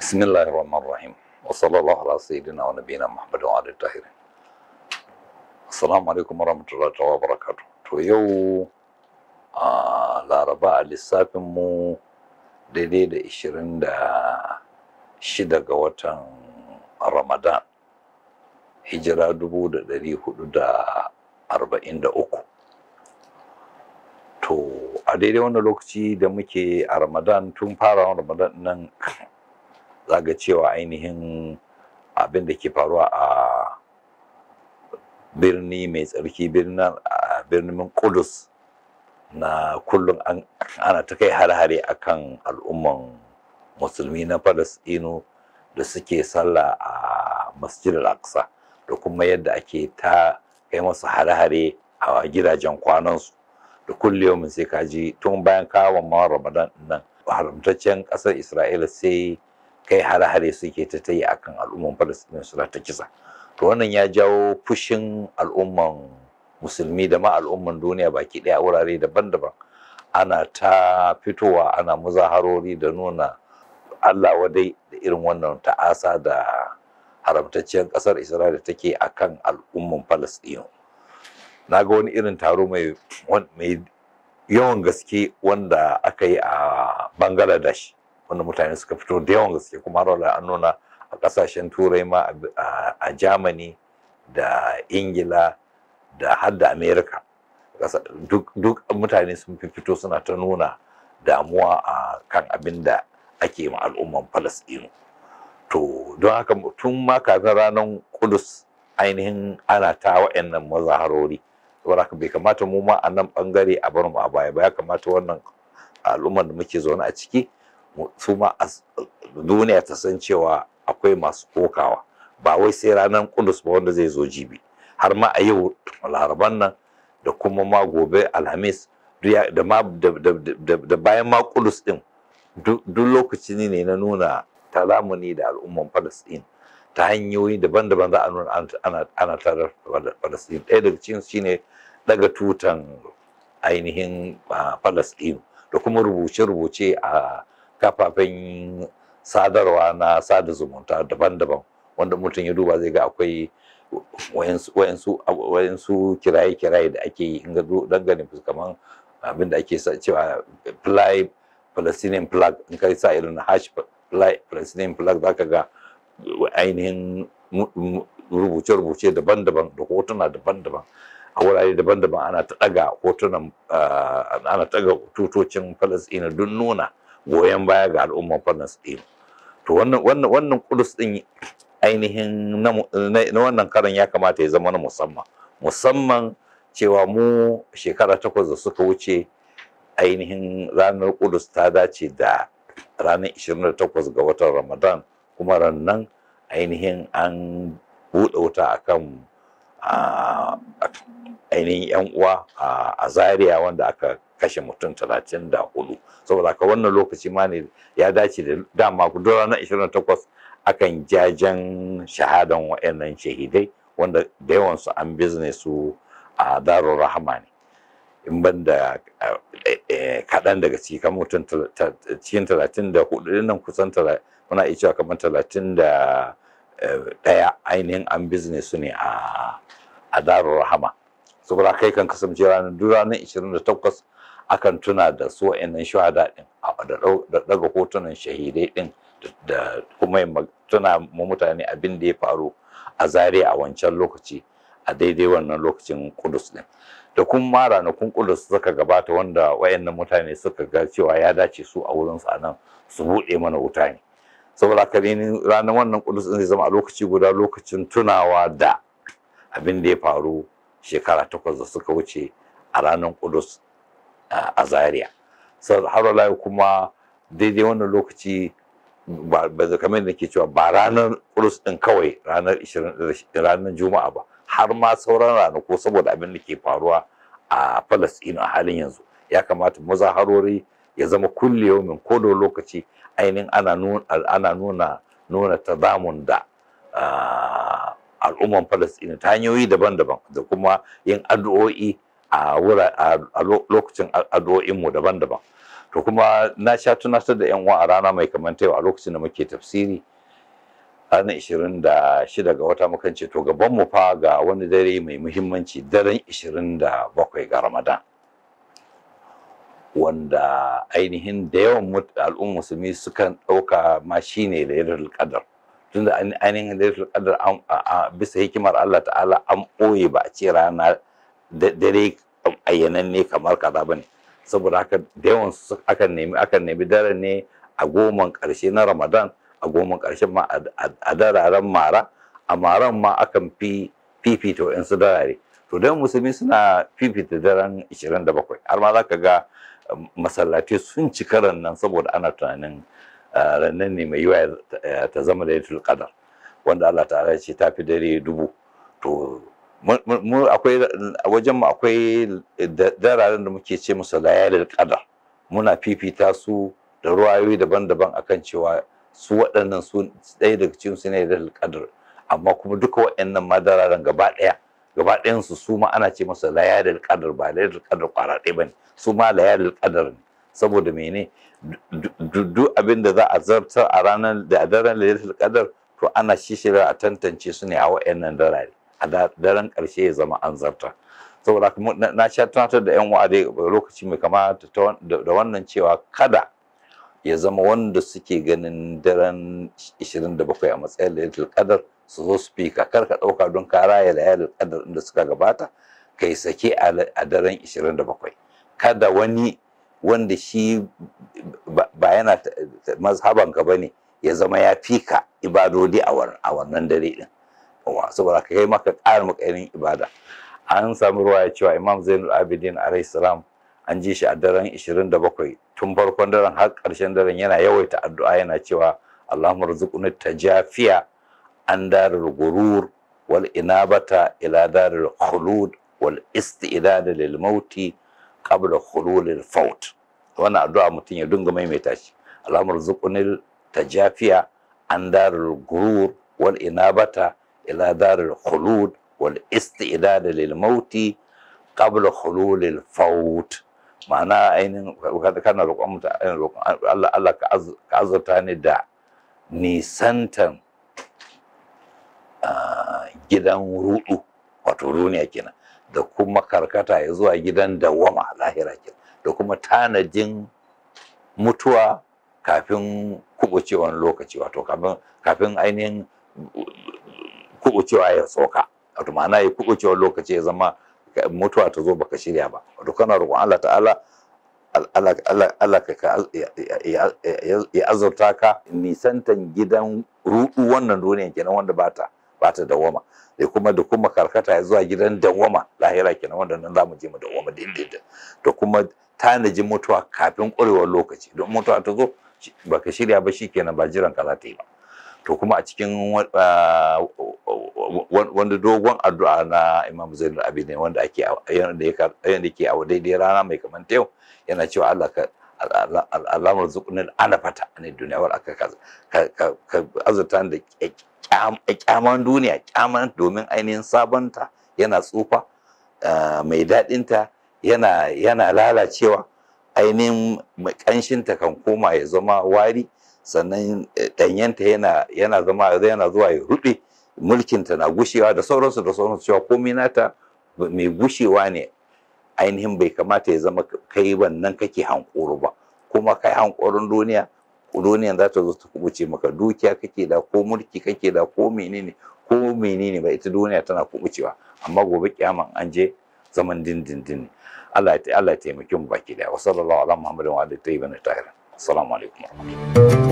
bismillahir rahmanir rahim wa sallallahu ala sayyidina wa nabiyina muhammadin wa alihi tahirin assalamu alaikum wa rahmatullahi wa barakatuh to yau a laraba a lissafin mu daidai da ishirin da shida ga watan ramadan hijira dubu da dari hudu da arba'in da uku to a daidai wannan lokaci da muke a ramadan tun fara farawan ramadan nan zaga cewa ainihin abin da ke faruwa a birni mai tsarki birnin kudus na kullum ana ta kai har-hare a kan al'umman musulmi na falasɗinu da suke sallah a masjid al-aqsa da kuma yadda ake ta kai masu har-hare a gidajen kwanansu da kulle yau sai ka ji tun bayan kawon mawar ramadan nan haramtaccen kasar isra'ila sai kai hare-hare suke ta ta akan al'umman palestinian suna ta kisa to wannan ya jawo fushin al'umman musulmi da ma al'umman duniya baki ɗaya wurare daban-daban ana ta fitowa ana muzaharori da nuna allah wadai da irin wannan ta'asa da haramtacciyar ƙasar isra'ila take akan al'umman palestinian na ga wani irin taro mai mai yawan gaske wanda aka yi a bangladesh wanda mutane suka fito da yawan gaske kuma har an nuna a kasashen turai ma a germany da ingila da har da america duk mutane sun fito suna ta nuna damuwa a kan abin da ake ma al'umman Falasɗinu. To, don haka tun ma kafin ranar Kudus ainihin ana ta wa'annan mazaharori. saboda bai kamata mu ma a nan bangare a bar mu a baya ba ya kamata wannan al'ummar da muke zaune a ciki su ma duniya ta san cewa akwai masu kokawa ba wai sai ranar kudus ba wanda zai zo jibi har ma a yau laraban nan da kuma ma gobe alhamis da bayan ma kudus din duk lokaci ne na nuna ta talamuni da al'umman palestine ta hanyoyi daban-daban za a nuna ana tarar Palestine ɗaya daga cikin ne ɗaga tutan ainihin Palestine da kuma rubuce-rubuce a kafafen sadarwa na sada zumunta daban-daban wanda mutum ya duba zai ga akwai wayansu kiraye-kiraye da ake yi Inga dangane kamar abinda da ake cewa fly palestinian flag in kai sa irin hash fly palestinian flag ka ga ainihin rubuce-rubuce daban-daban da hotuna daban-daban a wurare daban-daban ana ta ɗaga hotunan ah, ana ɗaga tutocin falasɗina don nuna goyon baya ga al'umman falasɗina to wannan wannan kudus ɗin ainihin na wannan karan ya kamata ya zama na musamman musamman cewa mu shekara takwas da suka wuce ainihin ranar kudus ta dace da ranar 28 ga watan ramadan kuma rannan ainihin an buɗe wuta kan ainihin yan uwa a zaria wanda aka kashe mutum talatin da hudu saboda haka wannan lokaci ma ne ya dace da dama duk ranar ishirin takwas akan jajen shahadan wa'annan shahidai wanda da yawansu an bizne su a darul rahama ne in ban da eh, eh, kaɗan daga cikin mutum cikin talatin da hudu nan kusan muna iya cewa kamar talatin da eh, ɗaya ainihin an business ne a a darar rahama saboda kai kan kasance ranar duk ranar takwas akan tuna da su wa'annan shahada ɗin da daga hotunan shahidai ɗin da kuma tuna mu mutane abin da ya faru a Zariya a wancan lokaci a daidai wannan lokacin kudus ɗin da kuma ranakun ƙulus suka gabata wanda wayannan mutane suka ga cewa ya dace su a wurin a nan su buɗe mana wuta ne saboda haka ranar wannan din zai zama a lokaci guda lokacin tunawa da abin da ya faru shekara takwas da suka wuce a ranar kudus a zaria har kuma daidai wannan lokaci ba kamar da ke cewa ba ranar kudus din kawai ranar juma'a ba har ma sauran ranaku saboda abin da ke faruwa a Palestine a halin yanzu ya kamata muzaharori ya zama kulle yaumin ko da lokaci ainihin ana nuna ana nuna nuna tazamun da al'umman Palestine ta hanyoyi daban-daban da kuma yin addu'o'i a wura a lokacin addu'o'in mu daban-daban to kuma na sha tunatar da yan uwa a rana mai kamar a lokacin da muke tafsiri ranar 26 ga wata mukan ce to gaban mu fa ga wani dare mai muhimmanci daren 27 ga Ramadan wanda ainihin da yawan al'ummar musulmi sukan ɗauka ma shine lailatul qadar tunda ainihin lailatul qadar bisa hikimar Allah ta'ala an ɓoye ba a ce rana dare ayyanan ne kamar kaza bane saboda haka da yawan akan nemi akan nemi daren ne a goma karshe na Ramadan a goma ƙarshen ma a dararen mara a maran ma akan fi fifita waɗansu darare to dan musulmi suna fifita daren 27 har ma za ka ga um, masallatai sun cika rannan saboda ana tunanin uh, rannan ne mai yiwa ta zama da yatul qadar wanda Allah ta'ala ce ta fi dare dubu to mu akwai wajen mu akwai eh, dararen da muke ce musu layalil qadar muna fifita su da ruwayoyi daban-daban akan cewa su waɗannan su ɗaya daga cikin su ne da alƙadar amma kuma duka waɗannan madararan gaba ɗaya gaba ɗayan su su ma ana ce masa layalil qadr ba da qadr kwara ɗaya bane su ma layalil qadr ne saboda mene duk abin da za a zartar a ranar da daren lailatul qadr to ana shishira a tantance su ne a waɗannan darare a daren ƙarshe ya zama an zarta saboda na sha tunatar da yan wa'ade lokaci mai kama da wannan cewa kada ya zama wanda suke ganin daren 27 a matsayin lailatul kadar su zo su fi ka ɗauka don ka raya lailatul kadar inda suka gabata ka yi sake a daren 27 kada wani wanda shi ba yana mazhaban ka bane ya zama ya fi ka ibadodi a wannan dare din saboda ka kai maka ƙarin makarin ibada an samu ruwa ya cewa imam zainul abidin alaihi salam an ji shi a daren 27 tun farkon daren har ƙarshen daren yana yawaita addu'a yana cewa Allahumma rzuqna tajafiya an darar gurur wal inabata ila darar khulud wal istidad lil mauti qabla khulul faut wannan addu'a mutum ya dinga maimaita shi Allahumma rzuqna tajafiya an darar gurur wal inabata ila darar khulud wal istidad lil mauti qabla khulul faut ma'ana ainihin kana roƙon mutane roƙon Allah Allah ka azurta ni da nisantan ah, gidan rudu wato runiya kenan da kuma karkata ya zuwa gidan dawama lahira kenan da kuma tanajin mutuwa kafin kubucewan lokaci wato kafin ainihin kubucewa ya tsoka wato ma'ana ya kubucewan lokaci ya zama mutuwa ta zo baka shirya ba wato kana roƙon Allah ta'ala Allah ka ya azurta ka nisantan gidan ruɗu wannan duniyan kenan wanda bata ta dawama da kuma da kuma karkata ya zuwa gidan dawama lahira kenan wanda nan zamu je mu dawama dindindin da kuma tanaji mutuwa kafin ƙwarewar lokaci don mutuwa ta zo baka shirya ba shi kenan ba jiran ka za ta yi ba to kuma a cikin wanda dogon addu'a na Imam Zainul Abidin wanda ake yanda yake a daidai rana mai kamar yau yana cewa Allah ka Allah marzuqnil fata ne duniya wal aka ka azurta da kyaman duniya kyaman domin ainihin sabonta yana tsufa mai daɗinta yana yana lalacewa ainihin ta kan koma ya zama wari sannan eh, ɗanyenta yana yana zama yana zuwa ya ruɗe mulkinta na gushewa da sauransu da sauransu cewa komai nata mai gushewa ne ainihin bai kamata ya zama kai wannan kake hankoro ba kuma kai hankoron duniya duniyan za ta zo ta kubuce maka dukiya kake da ko mulki kake da ko menene ko menene ba ita duniya tana kubucewa amma gobe kiyaman an je zaman din Allah ya taimake mu baki daya wa sallallahu ala muhammadin wa alihi tayyibin tahirin assalamu alaikum